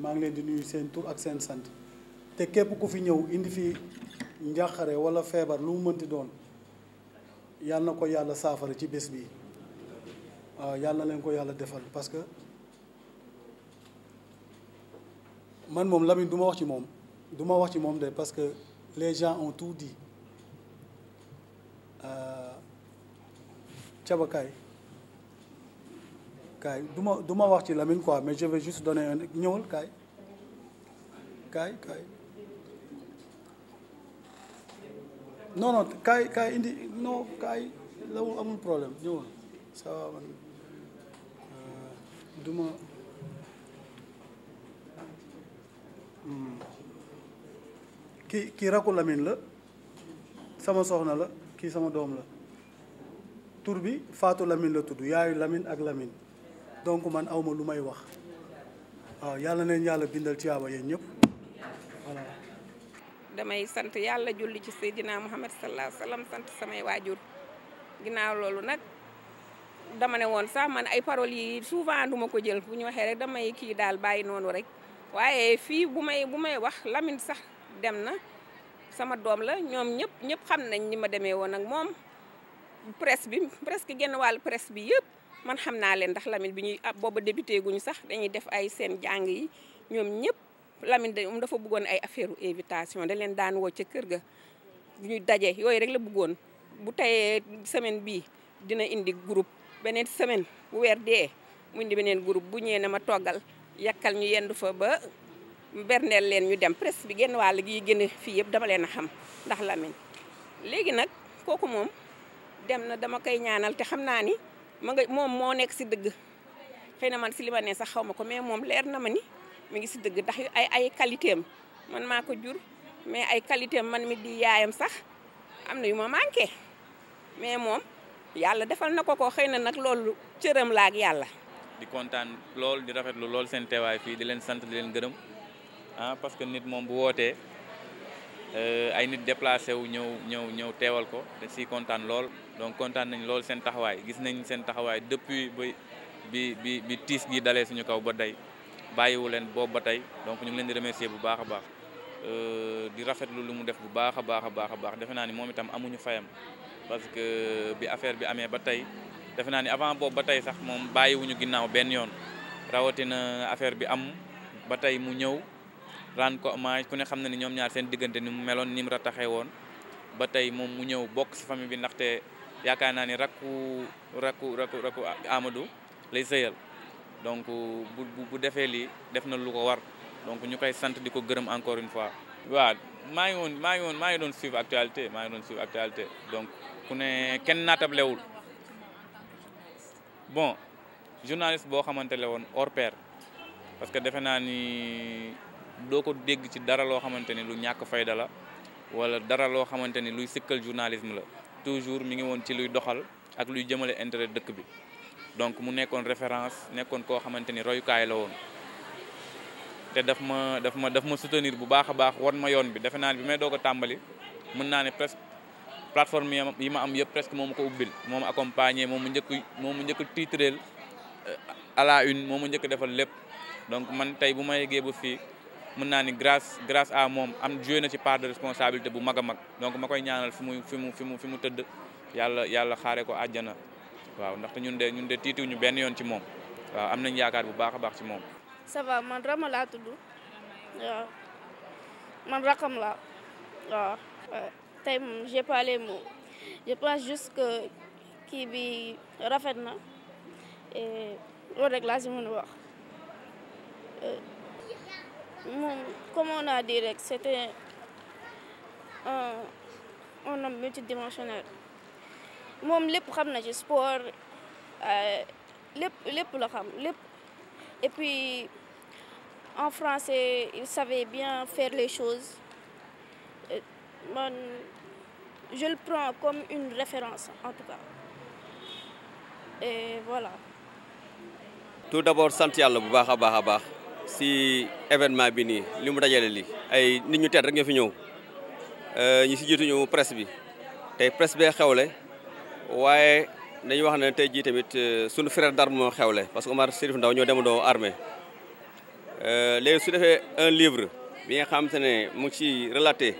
maa ngi leen di nuyu seen tour ak seen sant te képp ku fi ñëw indi fi njàqare wala feebar lu mu mënti doon yal na ko yàlla saafara ci bés bi waaw yal na leen ko yàlla defal parce que man moom Lamine du ma wax ci moom du ma wax ci moom de parce que les gens ont tout dit cabakaay euh, kaay du ma du ma wax ci Lamine quoi mais je vais juste donner un ñëwal kaay kaay kaay non kaay kaay indi non kaay lawul amul problème ñëwal ça va man euh, du ma hmm. kii kii rakku Lamine la sama soxna la kii sama doom la tur bi Fatou Lamine la tudd yaayu lamin ak lamin donc man awma lu may wax waaw yàlla neen yàlla bindal tiyaaba yéen ñëpp damay sant yàlla julli ci Seydina Muhammad sallallahu alayhi wa sallam sant samay waajur ginnaaw loolu nag dama ne woon sax man ay paroles yi souvent duma ko jël bu ñu waxee rek damay kii daal bàyyi noonu rek waaye fii bu may bu may wax lamin sax dem na sama doom la ñoom ñëpp ñëpp xam nañ ni ma demee woon ak moom presse bi presque genn wàll presse bi yëpp man xam naa leen ndax Lamine bi ñuy ah, booba gu ñu sax dañuy def ay seen jàng yi ñoom ñëpp Lamine de dafa buggoon ay affaire invitation da leen daan woo ca kër ga bu ñu daje yooyu rek la bëggoon bu tayee semaine bii dina indi groupe beneen semaine bu weer dee mu indi beneen groupe bu ñëwee na ma toggal yàkkal ñu yendu fa ba berneel leen ñu dem presse bi genn wàll gi gën fii yëpp dama leen a xam ndax Lamine léegi nag kooku moom dem na dama koy ñaanal te xam naa ni ma nga moom moo nekk si dëgg xëy na man si li ne sax xaw ma ko mais moom leer na ma ni mi ngi si dëgg ndax ay ay qualité man maa ko jur mais ay qualité man mi di yaayam sax am na yu ma manqué mais moom yàlla defal na ko ko xëy na nag loolu cëram la yàlla. di kontaan lool di rafetlu lool seen teewaay fii di leen sant di leen gërëm ah parce que nit moom bu wootee euh, ay nit déplacé wu ñëw ñëw ñëw teewal ko te si kontaan lool. donc kontaan nañ loolu seen taxawaay gis nañ seen taxawaay depuis ba bi bi bi tiis gi dalee suñu kaw ba tey bàyyiwu leen boobu ba tey donc ñu ngi leen di remercier bu baax a baax euh, di rafetlu lu mu def bu baax a baax a baax a baax defe naa ni moom itam amuñu fayam parce que bi affaire bi amee ba tey defe naa ni avant boobu ba tey sax moom bàyyiwuñu ginnaaw benn yoon rawatina affaire bi am ba tey mu ñëw rendre ko hommage ku ne xam na ni ñoom ñaar seen diggante ni mu meloon ni mu woon ba tey moom mu ñëw bokk famille bi ndaxte yaakaar naa ni rakku rakku rakku rakku Amadou lay sëyal donc bu bu defee lii def na lu ko war donc ñu koy sant di ko gërëm encore une fois. waaw maa ngi woon maa ngi woon maa ngi doon suivre actualité maa ngi doon suivre donc ku ne kenn naatablewul bon journaliste boo xamante ne woon hors pair parce que defe naa ni doo ko dégg ci dara loo xamante ni lu ñàkk fayda la wala dara loo xamante ni luy sikkal journalisme la. toujours mi ngi woon ci luy doxal ak luy jëmale intérêt dëkk bi donc mu nekkoon référence nekkoon koo xamante ni royukaay la woon te daf ma daf ma daf ma soutenir bu baax a baax wan ma yoon bi defe naa ne bi may doog tàmbali mën naa ne presque plateforme yi ma am yëpp presque moom ko ubbil moom accompagner moom mu njëkk moom mu njëkk titreel euh, à la une moom mu njëkk defal lépp donc man tey bu ma yeggee ba fii mën naa ni grâce grâce a moom am joué na ci part de responsabilité bu mag a mag donc ma koy ñaanal fi mu fi mu mu fi mu tëdd yàlla yàlla xaare ko àjjana waaw ndaxte ñun de ñun de tiituw ñu benn yoon ci moom waaw am nañ yaakaar bu baax a baax ci moom. ça va man Rama laa tudd waaw man rakam laa waaw. moom j'ai pas les mots pense juste que kii bi rafet na et loolu rek laa si mën wax. Euh, moom comme on a dit rek c'était un un homme multidimensionnel moom lépp xam na ci sport euh, lépp lépp la xam lépp et puis en français il savait bien faire les choses man je le prends comme une référence en tout cas et voilà tout d'abord sant yàlla bu baax a baax a baax si événement bi nii li mu dajale li ay nit ñu tedd rek ñoo fi ñëw euh, ñi si jiituñu presse bi tey presse bee xewle waaye dañuy wax ne tey jii tamit euh, suñu frère d'arme moo xewle parce que Omar Chérif Ndaw ñoo demandoo armée euh, léegi su defee un livre bi nga xam te ne mu ci relate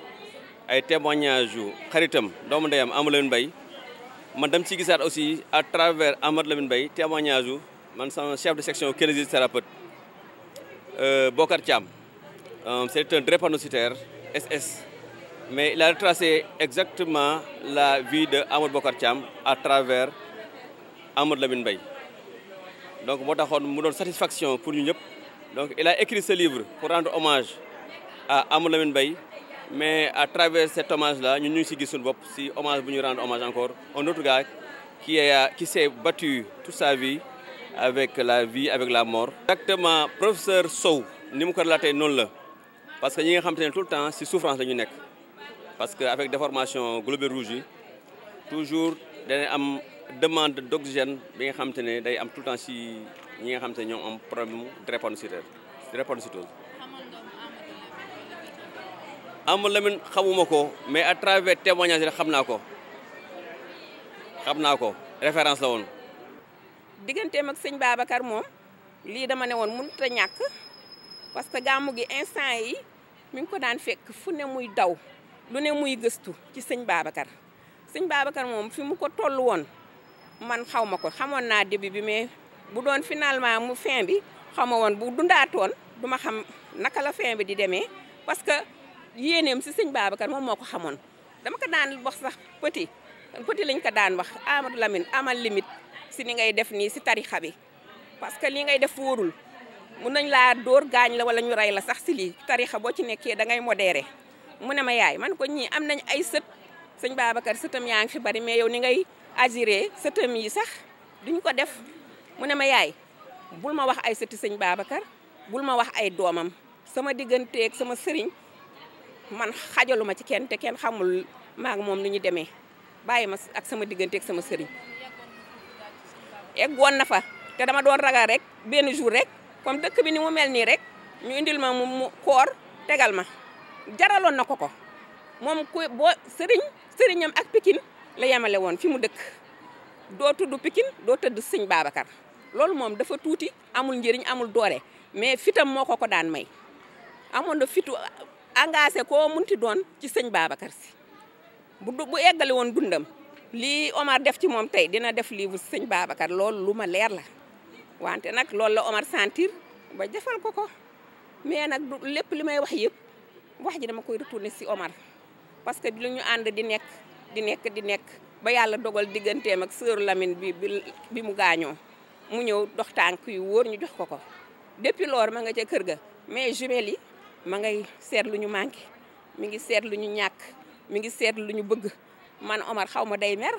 ay témoignages yu xaritam doomu ndeyam Amadou Lamine Mbaye man dam ci gisaat aussi à travers Amadou Lamine Mbaye témoignage yu man sama chef de section kinésithérapeute Euh, Bokar Thiam. Euh, c'est un drépanocytaire, SS. Mais il a retracé exactement la vie de Ahmed Bokar Thiam à travers Ahmed Lamine Bay. Donc, moi, mu une satisfaction pour nous. Donc, il a écrit ce livre pour rendre hommage à Ahmed Lamine Bay. Mais à travers cet hommage-là, nous nous sommes dit si hommage, nous rendre hommage encore à un autre gars qui, battu toute sa vie avec la vie avec la mort. exactement professeur Sow ni mu ko relatee noonu la parce que ñi nga xam te ne tout le temps ci souffrance la ñu nekk parce que avec déformation globule rouge yi toujours dana am demande d'oxygène bi nga xam ne day am tout le temps si ñi nga xam te ne ñoom am problème de si drépanocytose am Lamine xamuma ko mais à travers témoignage rek xam naa ko xam naa ko référence la woon digganteem ak sëñ Babacar moom lii dama ne woon mënut a ñàkk parce que gàmmu gi instant yi mi ngi ko daan fekk fu ne muy daw lu ne muy gëstu ci sëñ Babacar sëñ Babacar moom fi mu ko toll woon man xaw ma ko xamoon naa début bi mais bu doon finalement mu fin bi xaw ma woon bu dundaatoon du ma xam naka la fin bi di demee parce que yéeneem si sëñ Babacar moom moo ko xamoon dama ko daan wax sax petit petit lañ ko daan wax Amadou Lamine amal limite si ni ngay def nii si tarixa bi parce que lii ngay def wóorul mun nañ laa door gaañ la wala ñu rey la sax si lii tarixa boo ci nekkee dangay modere modéré mu ne ma yaay man ko ñii am nañ ay sët sëñ Babacar sëtam yaa ngi fi bari mais yow ni ngay agiré sëtam yi sax duñ ko def mu ne ma yaay bul ma wax ay sët sëñ Babacar bul ma wax ay doomam sama digganteeg sama sëriñ man xajalu ci kenn te kenn xamul maak moom nu ñu demee bàyyi ma ak sama digganteeg sama sëriñ egg woon na fa te dama doon ragal rek benn jour rek comme dëkk bi ni mu mel nii rek ñu indil ma mu koor tegal ma jaraloon na ko ko moom ku boo sëriñ sëriñam ak pikin la yemale woon fi mu dëkk doo tudd pikin doo tëdd sëñ Babacar loolu moom dafa tuuti amul njëriñ amul doole mais fitam moo ko ko daan may amoon na fitu engagé ko munti doon ci sëñ Babacar si bu bu eggale woon dundam lii Omar def ci moom tey dina def livre sëñ Babacar loolu lu ma leer la wante nag loolu la Omar sentir ba jafal ko ko mais nag lépp li may wax yëpp wax ji dama koy retourner si Omar parce que lu ñu ànd di nekk di nekk di nekk ba yàlla dogal digganteem ak sœur Lamine bi bi mu gaañoo mu ñëw dox tànk yu wóor ñu jox ko ko depuis loor ma nga ca kër ga mais jumelle yi ma ngay seet lu ñu manqué mi ngi seet ñu ñàkk mi ngi seet lu ñu bëgg man Omar xaw ma day mer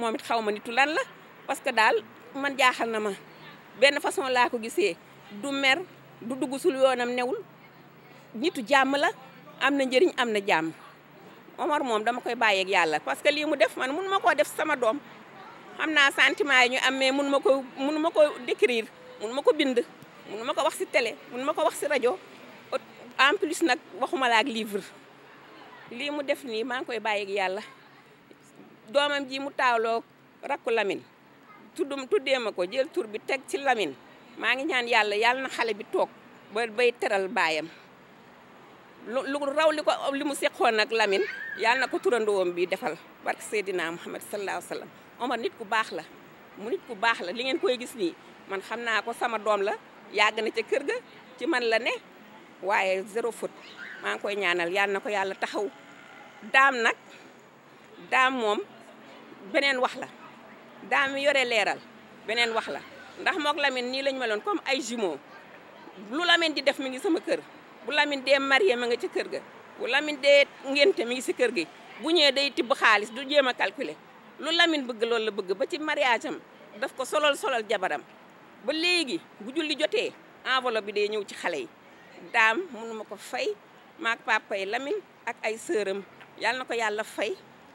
moom it xaw ma nitu lan la parce que daal man jaaxal na ma benn façon laa ko gisee du mer du dugg sul yoonam newul nitu jàmm la am na njëriñ am na jàmm Omar moom dama koy bàyyeeg yàlla parce que lii mu def man mun ma koo def sama doom xam naa sentiment yi ñu am mais mun ma ko mun ma ko décrire mun ma ko bind mun ma ko wax si tele mun ma ko wax si rajo en plus nag waxuma la ak livre lii mu def nii maa ngi koy bàyyi yàlla doomam ji mu taawloo rakku lamin tuddum tuddee ma ko jël tur bi teg ci lamin maa ngi ñaan yàlla yàlla na xale bi toog ba bay teral baayam lu lu raw li ko li mu seqoon ak Lamine yàlla na ko turandoom bi defal barke Seydina Muhammad sallallahu alayhi wa sallam Omar nit ku baax la mu nit ku baax la li ngeen koy gis nii man xam naa ko sama doom la yàgg na ca kër ga ci man la ne waaye zéro faute maa ngi koy ñaanal yàlla na ko yàlla taxaw daam nag daam moom beneen wax la daa mi yore leeral beneen wax la ndax mook Lamine nii lañ meloon comme ay jumeaux lu Lamine di def mi ngi sama kër bu Lamine dee marié ma nga ci kër ga bu Lamine dee ngénte mi ngi si kër gi bu ñëwee day tibb xaalis du jéem a calculer lu Lamine bëgg loolu la bëgg ba ci mariage am daf ko solol solol jabaram ba léegi bu julli jotee enveloppe bi day ñëw ci xale yi daam mënu ma ko fay maak papay Lamine ak ay sëram yàlla na ko yàlla fay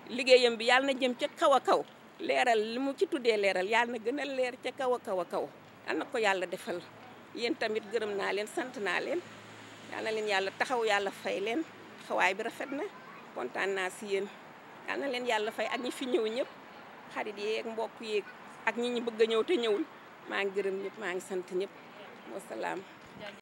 liggéeyam bi yàlla na jëm ca kaw a kaw leeral li mu ci tuddee leeral yàlla na gën a leer ca kaw a kaw a kaw yàlla na ko yàlla defal yéen tamit gërëm naa leen sant naa leen yàlla na leen yàlla taxaw yàlla fay leen xawaay bi rafet na kontaan naa si yéen yàlla na leen yàlla fay ak ñi fi ñëw ñëpp xarit yeeg mbokk yeeg ak ñi ñu bëgg a ñëw te ñëwul maa ngi gërëm ñëpp maa ngi sant ñëpp wasalaam